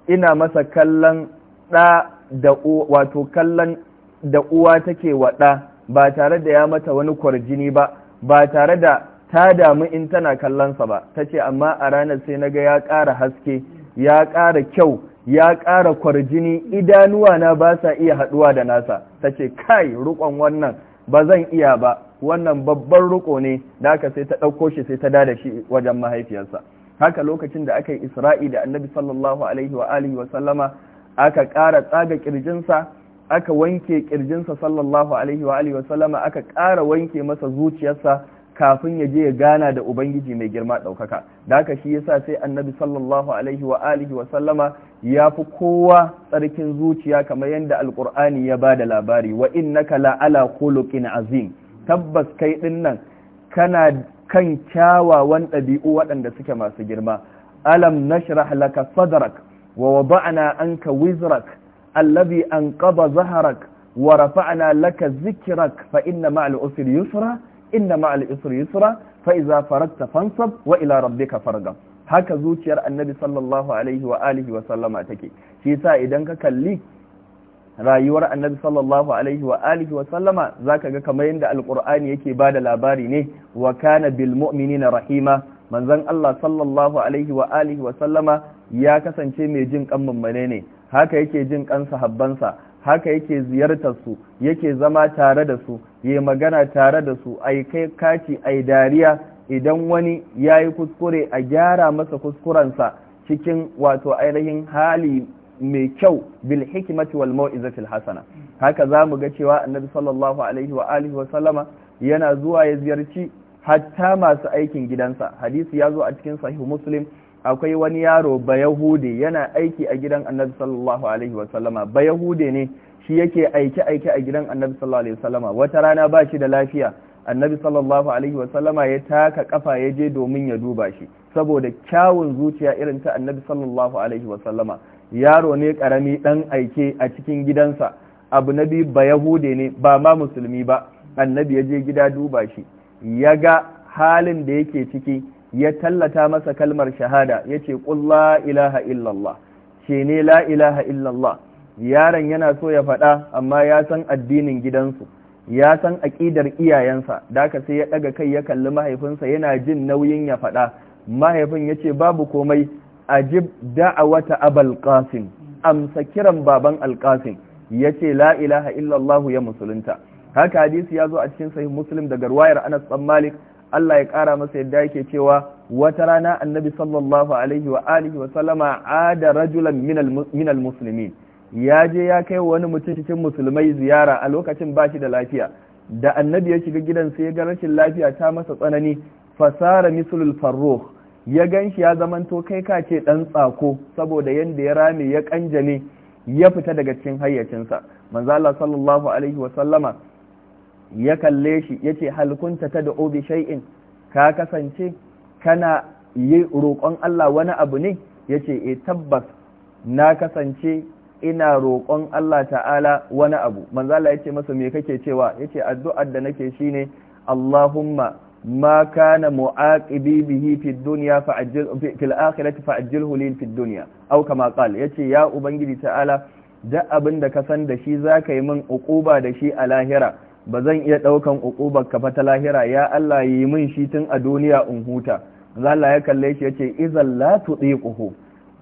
ina masa kallon ɗa da wato kallon da uwa take waɗa ba tare da ya mata wani kwarjini ba ba tare da ta damu in tana kallonsa ba ta ce amma a ranar sai na ga ya ƙara haske ya ƙara kyau ya ƙara kwarjini idanuwa na ba sa iya haɗuwa da nasa ta ce kai rukon wannan ba zan iya ba wannan babban ruko ne da aka sai ta ɗauko shi sai ta da da shi wajen mahaifiyarsa haka lokacin da aka yi isra'i da annabi sallallahu alaihi wa alihi wa sallama aka ƙara tsaga ƙirjinsa aka wanke ƙirjinsa sallallahu alaihi wa alihi wa sallama aka ƙara wanke masa zuciyarsa kafin ya je ya gana da ubangiji mai girma ɗaukaka da haka shi yasa sai annabi sallallahu alaihi wa alihi wa sallama ya fi kowa tsarkin zuciya kamar yadda alkur'ani ya ba da labari wa innaka la'ala khuluqin azim tabbas kai ɗin nan kana kan kyawawan ɗabi'u waɗanda suke masu girma alam nashrah laka sadrak wa anka wizrak alladhi anqadha dhahrak wa rafa'na laka Zikirak fa inna ma'al yusra inna ma'al isri yusra fa'iza iza faragta fansab wa ila rabbika fargam. haka zuciyar annabi sallallahu alaihi wa alihi wa sallama take shi yasa idan ka kalli rayuwar annabi sallallahu alaihi wa alihi wa sallama zaka ga kamar yadda alqur'ani yake bada labari ne wa kana bil mu'minina rahima manzon Allah sallallahu alaihi wa alihi wa sallama ya kasance mai jin kan mummune ne haka yake jin kan sahabbansa haka yake ziyartar su yake zama tare da su yi magana tare da su ai kai kaci ai dariya idan wani ya yi kuskure a gyara masa kuskurensa cikin wato ainihin hali mai kyau bil hikmati wal mau'izatil hasana haka zamu ga cewa annabi sallallahu alaihi wa alihi wa sallama yana zuwa ya ziyarci hatta masu aikin gidansa hadisi ya zo a cikin sahih muslim akwai wani yaro ba yana aiki a gidan Annabi sallallahu alaihi wasallama ba ne shi yake aiki aiki a gidan Annabi sallallahu alaihi wasallama wata rana ba shi da lafiya Annabi sallallahu alaihi wasallama ya taka kafa ya je domin ya duba shi saboda kyawun zuciya irin ta Annabi sallallahu alaihi wasallama yaro ne karami dan aike a cikin gidansa abu na biyu ba ne ba ma musulmi ba Annabi ya je gida duba shi ya ga halin da yake ciki ya tallata masa kalmar shahada ya ce la ilaha illallah ce ne la ilaha illallah yaron yana so ya faɗa amma ya san addinin gidansu ya san aƙidar iyayensa da ka sai ya ɗaga kai ya kalli mahaifinsa yana jin nauyin ya faɗa mahaifin ya ce babu komai ajib da'awata abal qasim amsa kiran baban alƙasim yace la ilaha illallah ya musulunta haka hadisi ya zo a cikin sahih muslim daga ruwayar anas ɗan malik Allah ya ƙara masa yadda yake cewa wata rana annabi sallallahu alaihi wa alihi wa sallama ada rajulan minal muslimin ya je ya kai wani mutum cikin musulmai ziyara a lokacin bashi da lafiya da annabi ya shiga gidan sai ya ga rashin lafiya ta masa tsanani fasara mislul farruh ya ganshi ya zamanto kai ka ce dan tsako saboda yanda ya rame ya kanjame ya fita daga cikin hayyacinsa manzo Allah sallallahu alaihi wa sallama ya kalle shi ya ce halkunta ta da obi shai'in ka kasance kana yi roƙon Allah wani abu ne ya ce e tabbas na kasance ina roƙon Allah ta'ala wani abu manzala ya ce masa me kake cewa ya ce addu'ar da nake shi ne Allahumma ma kana mu'aqibi bihi fi dunya fa'ajjil fi akhirati li fi dunya aw kama qala yace ya ubangiji ta'ala da abin da ka san da shi zaka yi min uquba da shi a lahira ba zan iya ɗaukan uƙubar ka ta lahira ya Allah yi min shi tun a duniya in huta Allah ya kalle shi ya ce izan la tuɗiƙuhu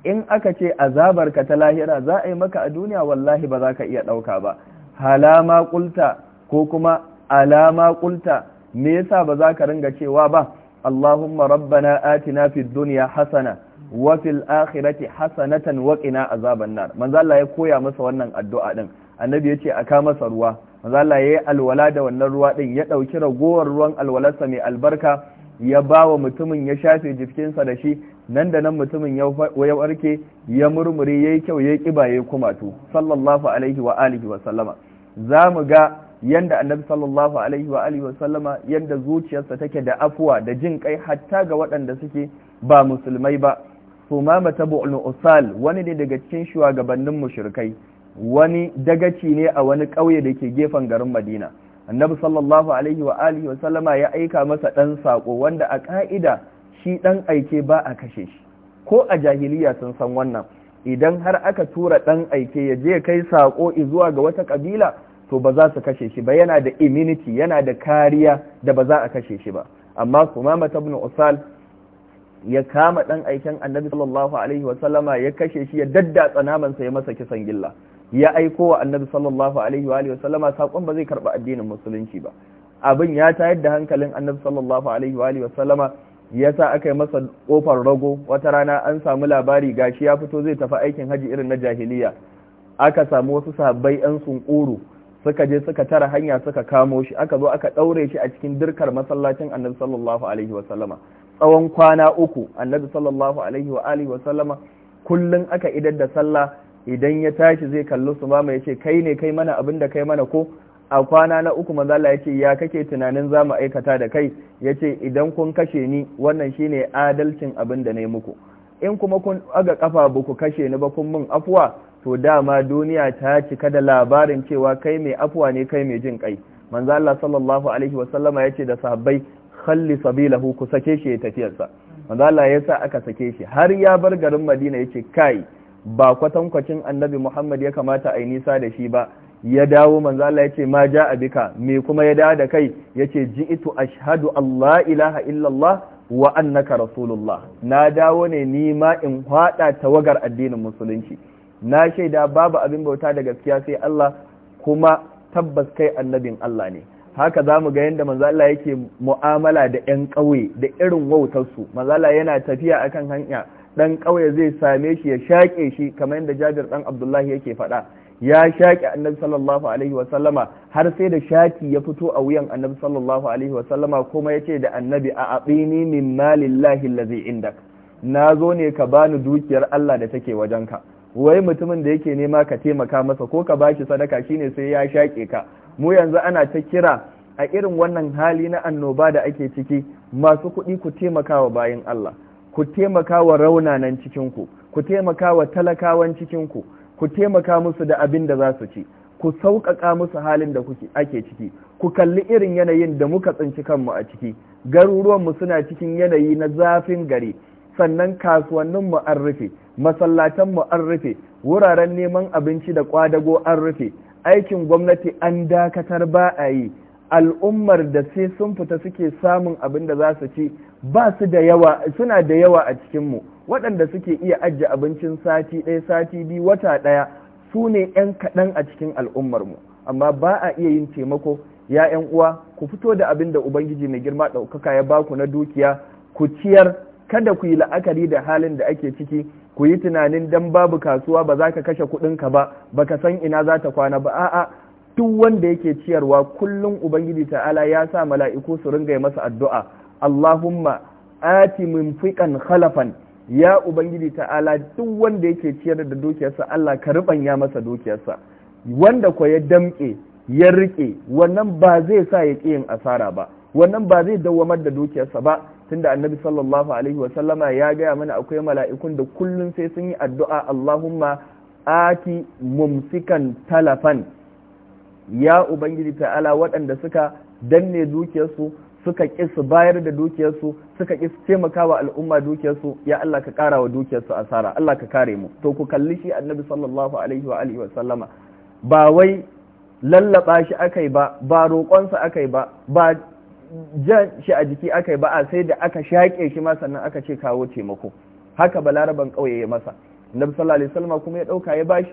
in aka ce azabar ka ta lahira za a yi maka a duniya wallahi ba za ka iya ɗauka ba halama ƙulta ko kuma alama ƙulta me yasa ba za ka ringa cewa ba Allahumma rabbana atina fid dunya hasana wa fil akhirati hasanatan wa qina azaban nar manzo Allah ya koya masa wannan addu'a din annabi yace aka masa ruwa maza Allah yi alwala da wannan ruwa ɗin ya ɗauki ragowar ruwan alwalarsa mai albarka ya ba wa mutumin ya shafe jikinsa da shi nan da nan mutumin ya warke ya murmuri ya yi kyau ƙiba ya yi kumatu sallallahu alaihi wa alihi wa sallama zamu ga yanda annabi sallallahu alaihi wa alihi wa sallama yanda zuciyarsa take da afuwa da jin kai hatta ga waɗanda suke ba musulmai ba sumama ta usal wani ne daga cikin shugabannin mushrikai wani dagaci ne a wani ƙauye da ke gefen garin madina annabi sallallahu alaihi wa alihi wasallama ya aika masa ɗan sako. wanda a ƙa'ida shi ɗan aike ba a kashe shi ko a jahiliya sun san wannan idan har aka tura ɗan aike ya je kai saƙo zuwa ga wata ƙabila to ba za su kashe shi ba yana da immunity yana da kariya da ba za a kashe shi ba amma ta bin usal ya kama ɗan aiken annabi sallallahu alaihi wasallama ya kashe shi ya daddatsa namansa ya masa kisan gilla ya aiko wa annabi sallallahu alaihi wa sallama sakon ba zai karba addinin musulunci ba abin ya tayar da hankalin annabi sallallahu alaihi wa sallama yasa aka yi masa kofar rago wata rana an samu labari gashi ya fito zai tafi aikin haji irin na jahiliya aka samu wasu sahabbai yan sunkuru suka je suka tara hanya suka kamo shi aka zo aka daure shi a cikin dirkar masallacin annabi sallallahu alaihi wa sallama tsawon kwana uku annabi sallallahu alaihi wa alihi wa sallama kullun aka idar da sallah idan ya tashi zai kalli ma ya ce kai ne kai mana abin da kai mana ko a kwana na uku manzala ya ce ya kake tunanin za mu aikata da kai ya ce idan kun kashe ni wannan shi ne adalcin abin da na yi muku in kuma kun aga kafa ba ku kashe ni ba kun min afuwa to dama duniya ta cika da labarin cewa kai mai afuwa ne kai mai jin kai manzo Allah sallallahu alaihi wasallama yace da sahabbai khalli sabilahu ku sake shi ya tafiyarsa manzo Allah sa aka sake shi har ya bar garin Madina ya ce kai ba kwatankwacin annabi Muhammad ya kamata a yi nisa da shi ba ya dawo manzo Allah ya ce ma ja abika me kuma ya dawo da kai ya ce ji itu shahadu Allah ilaha illallah wa annaka rasulullah na dawo ne ni ma in haɗa tawagar addinin musulunci na shaida babu abin bauta da gaskiya sai Allah kuma tabbas kai annabin Allah ne haka za mu ga yadda manzala yake mu'amala da 'yan ƙauye da irin wautarsu manzala yana tafiya akan hanya Ɗan ƙauye zai same shi ya shaƙe shi kamar yadda jabir ɗan abdullahi yake faɗa ya shaƙe annabi sallallahu alaihi wa sallama har sai da shaƙi ya fito a wuyan annabi sallallahu alaihi wa sallama kuma yace da annabi a aqini min malillahi allazi indak na zo ne ka bani dukiyar Allah da take wajenka wai mutumin da yake nema ka taimaka masa ko ka bashi sadaka shine sai ya shaƙe ka mu yanzu ana ta kira a irin wannan hali na annoba da ake ciki masu kuɗi ku taimakawa bayan Allah ku taimaka wa raunanan cikinku ku taimaka wa talakawan cikinku ku taimaka musu da abin da za su ci ku sauƙaƙa musu halin da ake ciki ku kalli irin yanayin da muka tsinci kanmu a ciki garuruwanmu suna cikin yanayi na zafin gari sannan kasuwanninmu an rufe masallatanmu an rufe wuraren neman abinci da kwadago an rufe aikin gwamnati an dakatar ba a yi al'ummar da sai sun fita suke samun abin da za su ci ba su da yawa suna da yawa a cikinmu waɗanda suke iya ajiye abincin sati ɗaya sati biyu wata ɗaya su ne 'yan kaɗan a cikin al'ummarmu amma ba a iya yin taimako ya 'yan uwa ku fito da abin da ubangiji mai girma ɗaukaka ya baku na dukiya ku ciyar kada ku yi la'akari da halin da ake ciki ku yi tunanin dan babu kasuwa ba za ka kashe kuɗinka ba baka san ina za ta kwana ba a'a duk wanda yake ciyarwa kullum ubangiji ta'ala ya sa mala'iku su ringa masa addu'a Allahumma ati min fiqan khalafan ya ubangiji ta'ala duk wanda yake ciyar da dukiyarsa Allah ka ya masa dukiyarsa wanda ko ya damke ya rike wannan ba zai sa ya yin asara ba wannan ba zai dawamar da dukiyarsa ba tunda annabi sallallahu alaihi wa sallama ya gaya mana akwai mala'ikun da kullun sai sun yi addu'a Allahumma ati mumsikan talafan ya ubangiji ta'ala waɗanda suka danne dukiyarsu suka ƙi su bayar da dukiyarsu suka ƙi su taimakawa al'umma dukiyarsu ya Allah ka ƙara wa dukiyarsu asara Allah ka kare mu to ku kalli shi annabi sallallahu alaihi wa alihi wa sallama ba wai lallaba shi akai ba ba roƙonsa akai ba ba jan shi a jiki akai ba a sai da aka shaƙe shi ma sannan aka ce kawo taimako haka balaraban ƙauye ya masa annabi sallallahu alaihi wa kuma ya ɗauka ya bashi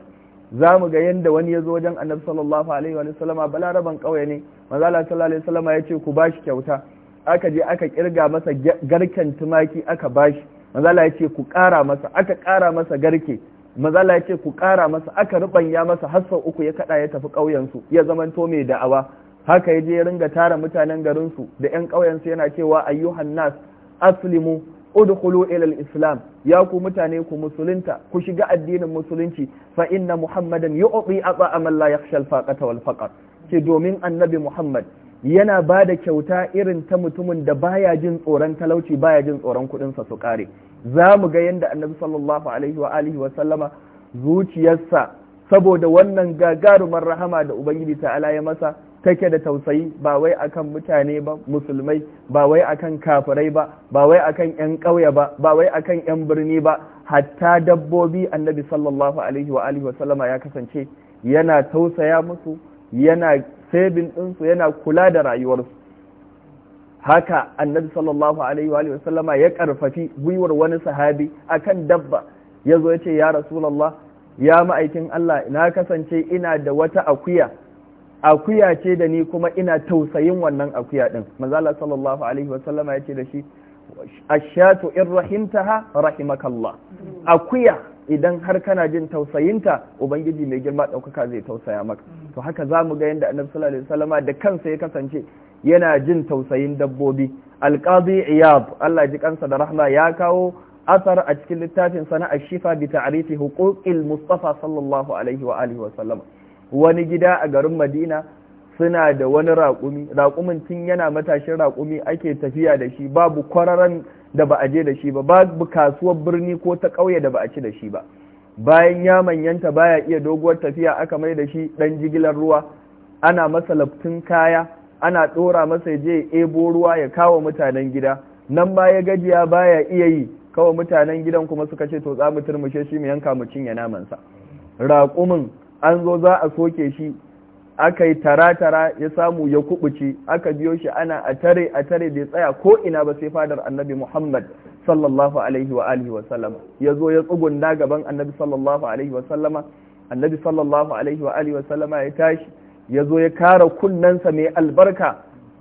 za mu ga yadda wani ya zo wajen annabi sallallahu alaihi wa sallama balaraban ƙauye ne manzala sallallahu alaihi sallama ya ce ku ba shi kyauta aka je aka kirga masa garken tumaki aka ba shi. manzala ya ce ku ƙara masa aka ƙara masa garke manzala ya ce ku ƙara masa aka rubanya masa har uku ya kaɗa ya tafi ƙauyensu ya zamanto mai da'awa haka ya je ya ringa tara mutanen garinsu da 'yan ƙauyensu yana cewa ayyuhan nas aslimu udkhulu ila al-islam ya ku mutane ku musulunta ku shiga addinin musulunci fa inna muhammadan yu'ti ata amal la yakhsha al-faqata wal faqr ce domin annabi muhammad yana ba da kyauta irin ta mutumin da baya jin tsoron talauci baya jin tsoron sa su kare za mu ga yadda annabi sallallahu alaihi wa alihi wa sallama zuciyarsa saboda wannan gagarumar rahama da ubangiji ta'ala ya masa take da tausayi ba wai akan mutane ba musulmai ba wai akan kafirai ba ba wai akan yan ƙauye ba ba wai akan yan birni ba hatta dabbobi annabi sallallahu alaihi wa alihi wasallama ya kasance yana tausaya musu yana sabin ɗinsu yana kula da rayuwarsu haka annabi sallallahu alaihi wa alihi wasallama ya karfafi gwiwar wani sahabi akan dabba yazo yace ya rasulullah ya ma'aikin Allah na kasance ina da wata akuya akuya ce da ni kuma ina tausayin wannan akuya din manzala sallallahu alaihi wasallama ya ce da shi ashatu in rahimtaha rahimakallah akuya idan har kana jin tausayinta ubangiji mai girma ɗaukaka zai tausaya maka to haka za mu ga yadda annabi sallallahu alaihi wasallama da kansa ya kasance yana jin tausayin dabbobi alqazi Iyab Allah ji kansa da rahma ya kawo asar a cikin littafin sana'ar shifa bi ta'rifi huquqil mustafa sallallahu alaihi wa alihi wa sallama wani gida a garin madina suna da wani raƙumi raƙumin tun yana matashin raƙumi ake tafiya da shi babu kwararan da ba a je da shi ba babu kasuwar birni ko ta ƙauye da ba a ci da shi ba bayan ya manyanta baya iya doguwar tafiya aka mai da shi ɗan jigilar ruwa ana masa laftin kaya ana ɗora masa je ebo ruwa ya kawo mutanen gida nan ba ya gajiya baya iya yi kawo mutanen gidan kuma suka ce to za mu turmushe shi mu yanka mu cinye namansa raƙumin an zo za a soke shi aka yi tara-tara ya samu ya kubuce aka biyo shi ana a tare a tare bai tsaya ko ina ba sai fadar annabi Muhammad sallallahu alaihi wa alihi wa sallama ya zo ya tsugunna gaban annabi sallallahu alaihi wa sallama annabi sallallahu alaihi wa alihi wa sallama ya tashi ya zo ya kara kunnensa mai albarka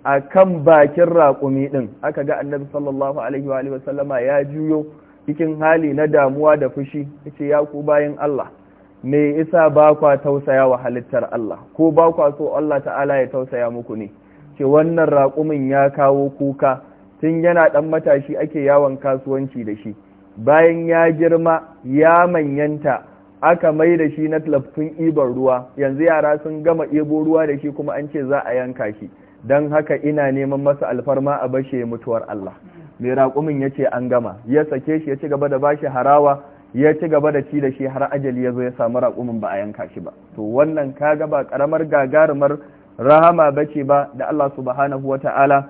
a kan bakin raƙumi ɗin aka ga annabi sallallahu alaihi wa alihi wa sallama ya juyo cikin hali na damuwa da fushi ya ce ya ku bayan Allah me isa ba kwa tausaya wa halittar Allah ko ba kwa so Allah ta'ala ya tausaya muku ne ce wannan raƙumin ya kawo kuka tun yana ɗan matashi ake yawon kasuwanci da shi bayan ya girma ya manyanta aka mai da shi na tlaftun ibar ruwa yanzu yara sun gama ibo ruwa da shi kuma an ce za a yanka shi don haka ina neman masa alfarma a bashe mutuwar Allah mai raƙumin ya ce an gama ya sake shi ya ci gaba da bashi harawa ya ci gaba da ci da shi har ajali ya zo ya samu raƙumin ba a yanka shi ba to wannan kaga ba karamar gagarumar rahama bace ba da Allah subhanahu wa ta'ala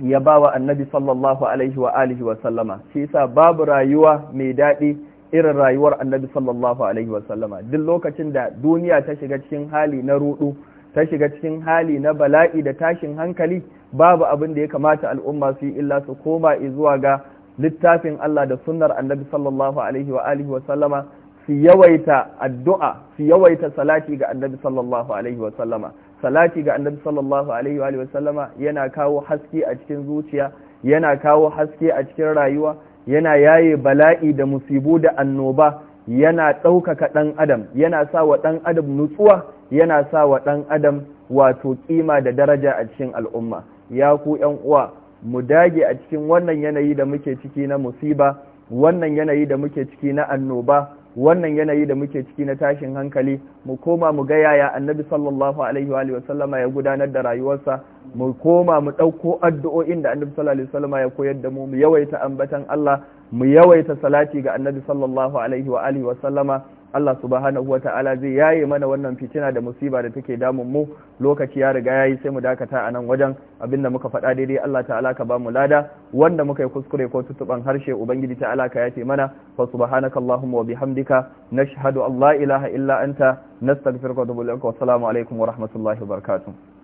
ya ba wa annabi sallallahu alaihi wa alihi wa sallama shi yasa babu rayuwa mai daɗi irin rayuwar annabi sallallahu alaihi wa sallama duk lokacin da duniya ta shiga cikin hali na rudu ta shiga cikin hali na bala'i da tashin hankali babu abin da ya kamata al'umma su yi illa su koma zuwa ga littafin Allah da sunnar annabi sallallahu alaihi wa alihi wa sallama su yawaita addu'a su yawaita salati ga annabi sallallahu alaihi wa sallama salati ga annabi sallallahu alaihi wa sallama yana kawo haske a cikin zuciya yana kawo haske a cikin rayuwa yana yaye bala'i da musibu da annoba yana ɗaukaka ɗan adam yana sa wa ɗan adam nutsuwa yana sa wa ɗan adam wato kima da daraja a cikin al'umma ya ku ‘yan uwa mu dage a cikin wannan yanayi da muke ciki na musiba wannan yanayi da muke ciki na annoba wannan yanayi da muke ciki na tashin hankali mu koma mu ga yaya annabi sallallahu alaihi wa sallama ya gudanar da rayuwarsa mu koma mu ɗauko addu'o'in da annabi sallallahu alaihi wa sallama ya koyar da mu mu yawaita ambatan Allah mu yawaita salati ga annabi sallallahu alaihi wa sallama Allah subhanahu wata'ala zai yaye mana wannan fitina da musiba da take damun mu lokaci ya riga yayi sai mu dakata a nan wajen abinda muka faɗa daidai Allah ta'ala ka bamu lada wanda muka yi kuskure ko tutuban harshe ubangiji ta'ala ka yafe mana fa subhanakallahumma wa bihamdika nashhadu an la ilaha illa anta nastaghfiruka wa natubu ilaik wa assalamu alaikum wa rahmatullahi wa barakatuh